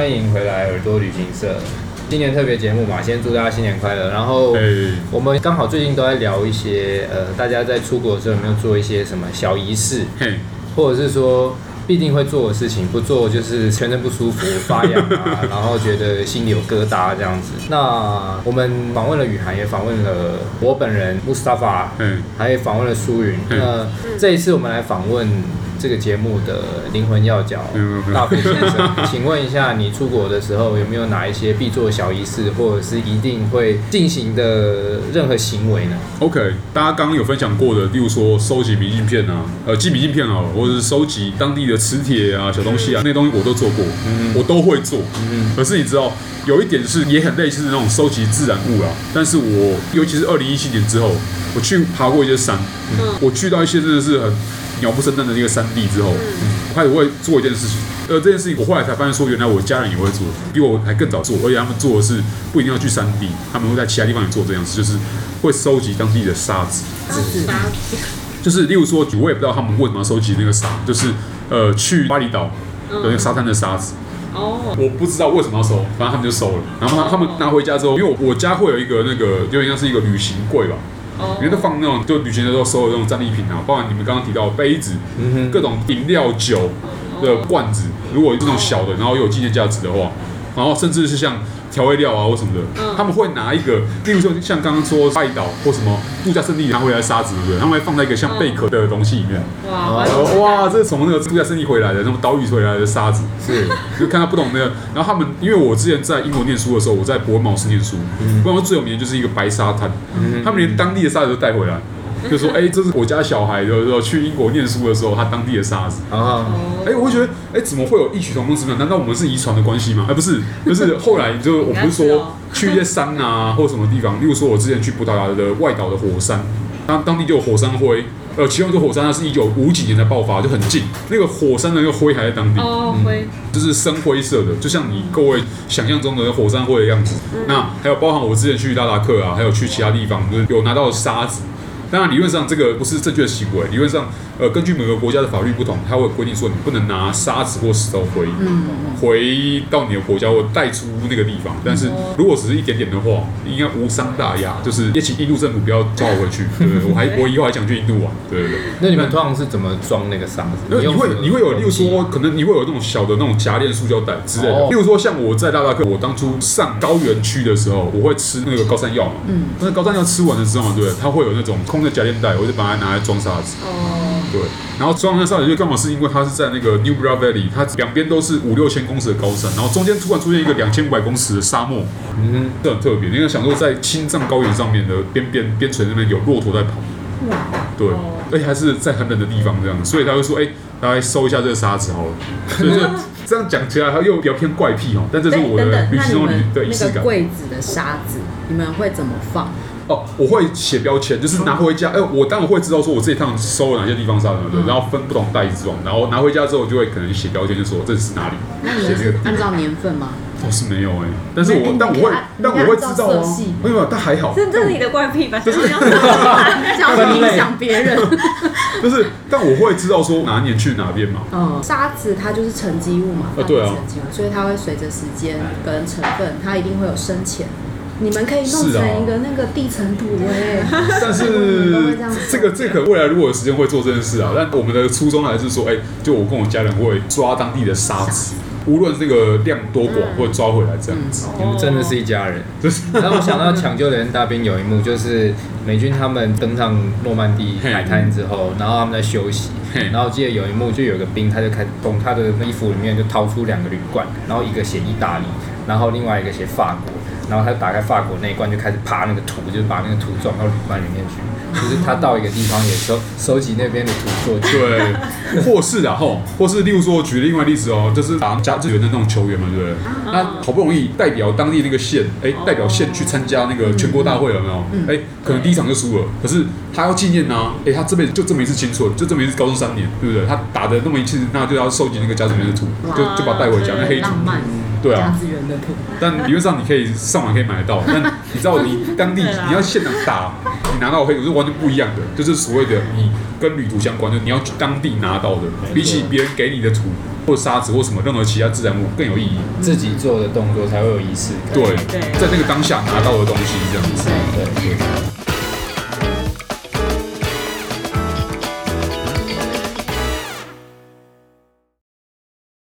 歡迎回來，耳朵旅行社。今年特別節目嘛，先祝大家新年快樂。然後，我們剛好最近都在聊一些，呃，大家在出國的時候有沒有做一些什麼小儀式，或者是說必定會做的事情，不做就是全身不舒服、發癢啊，然後覺得心裡有疙瘩這樣子。那我們訪問了宇涵，也訪問了我本人 Mustafa，嗯，還訪問了梳雲。那這一次我們來訪問。這個節目的靈魂要角，大飛先生，Okay. 請問一下，你出國的時候有沒有哪一些必做小儀式，或者是一定會進行的任何行為呢？OK，大家剛剛有分享過的，例如說收集明信片啊，呃，寄明信片好了，或者是收集當地的磁鐵啊、小東西啊，是那東西我都做過，嗯、哼我都會做。嗯、哼可是你知道，有一點是也很類似的那種收集自然物啊。但是我尤其是二零一七年之後，我去爬過一些山，嗯、我去到一些真的是很。鳥不生蛋的那個山地之後，我開始會做一件事情。呃，這件事情我後來才發現，說原來我家人也會做，比我還更早做。而且他們做的是不一定要去山地，他們會在其他地方也做這樣子，就是會收集當地的沙子。沙子就是，例如說，我也不知道他們為什麼要收集那個沙，就是呃，去巴厘島的那個沙灘的沙子。哦、嗯，我不知道為什麼要收，反正他們就收了。然後他們拿回家之後，哦、因為我，我家會有一個那個有點像是一個旅行櫃吧。你們都放那種，就旅行的時候收的那種戰利品啊，包含你們剛剛提到的杯子、嗯、哼各種飲料酒的罐子，嗯、哼如果這種小的，然後又有紀念價值的話。然後甚至是像調味料啊或什麼的，他們會拿一個，例如說像剛剛說海島或什麼度假勝地拿回來的沙子，對不對？他們會放在一個像貝殼的東西裡面。哇，這是從那個度假勝地回來的，什麼島嶼回來的沙子，是就看到不懂那個。然後他們，因為我之前在英國念書的時候，我在伯恩茅斯念書，伯恩茅斯最有名的就是一個白沙灘，他們連當地的沙子都帶回來。就是說哎、欸，這是我家小孩的時候去英國念書的時候，他當地的沙子啊，哎、欸，我會覺得哎、欸，怎麼會有異曲同工之妙？難道我們是遺傳的關係嗎？哎、欸，不是，就是後來就、嗯、我不是說去一些山啊，嗯、或者什麼地方，例如說我之前去葡萄牙的外島的火山，那當地就有火山灰，呃，其中一座火山它是一九五幾年的爆發，就很近，那個火山的那個灰還在當地、哦、嗯，灰就是深灰色的，就像你各位想象中的火山灰的樣子。嗯、那還有包含我之前去拉達克啊，還有去其他地方，就是有拿到沙子。當然，理論上這個不是正確的行為。理論上，呃，根據每個國家的法律不同，它會規定說你不能拿沙子或石頭回回到你的國家或帶出那個地方。但是，如果只是一點點的話，應該無傷大雅。就是也請印度政府不要抓我回去，對不對？我還我以後還想去印度啊，對不對，對？ 對那你們通常是怎麼裝那個沙子？因為你會你會有，例如說，可能你會有那種小的那種夾鏈塑膠袋之類的。例如說，像我在拉達克，我當初上高原區的時候，我會吃那個高山藥嘛。嗯。但是高山藥吃完了之後，對，它會有那種空。那夾鏈袋，我就把它拿來裝沙子。哦，oh. 對，然後裝那沙子就幹嘛？是因為它是在那個 New Bra Valley，它兩邊都是五六千公尺的高山，然後中間突然出現一個兩千五百公尺的沙漠，嗯哼，這很特別。你要想說，在青藏高原上面的邊邊邊陲那邊有駱駝在跑，哇、oh. 對，而且還是在很冷的地方這樣，所以他會說，哎、欸，大家收一下這個沙子好了。麼 所以就是這樣講起來，它又比較偏怪癖哈、哦。但這是我的，旅行中的。那你們對那個櫃子的沙子，你們會怎麼放？哦，我會寫標籤，就是拿回家。哎，我當然會知道，說我這一趟收了哪些地方沙什麼的，然後分不同袋子裝，然後拿回家之後，就會可能寫標籤，就說這是哪裡。那你們按照年份嗎？我是沒有哎，但是我但我會，但我會知道啊，沒有，但還好。這這是你的怪癖吧？就是要影響別人，就是，但我會知道說哪年去哪邊嘛。嗯，沙子它就是沉積物嘛，啊對啊，所以它會隨着時間跟成分，它一定會有深淺。你們可以弄成一個那個地層土哎，但是 這，這個這個未來如果有時間會做這件事啊。但我們的初衷還是說，哎、欸，就我跟我家人會抓當地的沙子，無論這個量多廣，嗯、會抓回來這樣子。嗯、你們真的是一家人。然後、哦、我想到《搶救雷恩大兵》有一幕，就是美軍他們登上諾曼底海灘之後，嘿然後他們在休息，嘿然後我記得有一幕就有一個兵，他就開從他的衣服裡面就掏出兩個鋁罐，然後一個寫意大利，然後另外一個寫法國。然後他就打開法國那一罐，就開始爬那個土，就是把那個土裝到鋁罐裡面去。就是他到一個地方，也收收集那邊的土做去。 對，或是然後，或是例如說舉另外例子哦，就是打甲子園的那種球員嘛，對不對？那好不容易代表當地那個縣，誒，代表縣去參加那個全國大會了沒有？誒，可能第一場就輸了，可是他要紀念呢、啊，誒，他這輩子就這麼一次青春，就這麼一次高中三年，對不對？他打的那麼一次，那就要收集那個甲子園的土，就就把他帶回家，哇那黑土。對啊，但理論上你可以上網可以買得到。但你知道，你當地你要現場打， 對啦 你拿到黑土是完全不一樣的。就是所謂的你跟旅途相關，就是、你要去當地拿到的，錯比起別人給你的土或沙子或什麼任何其他自然物更有意義。嗯、自己做的動作才會有儀式感。對，在那個當下拿到的東西，這樣子對。對對。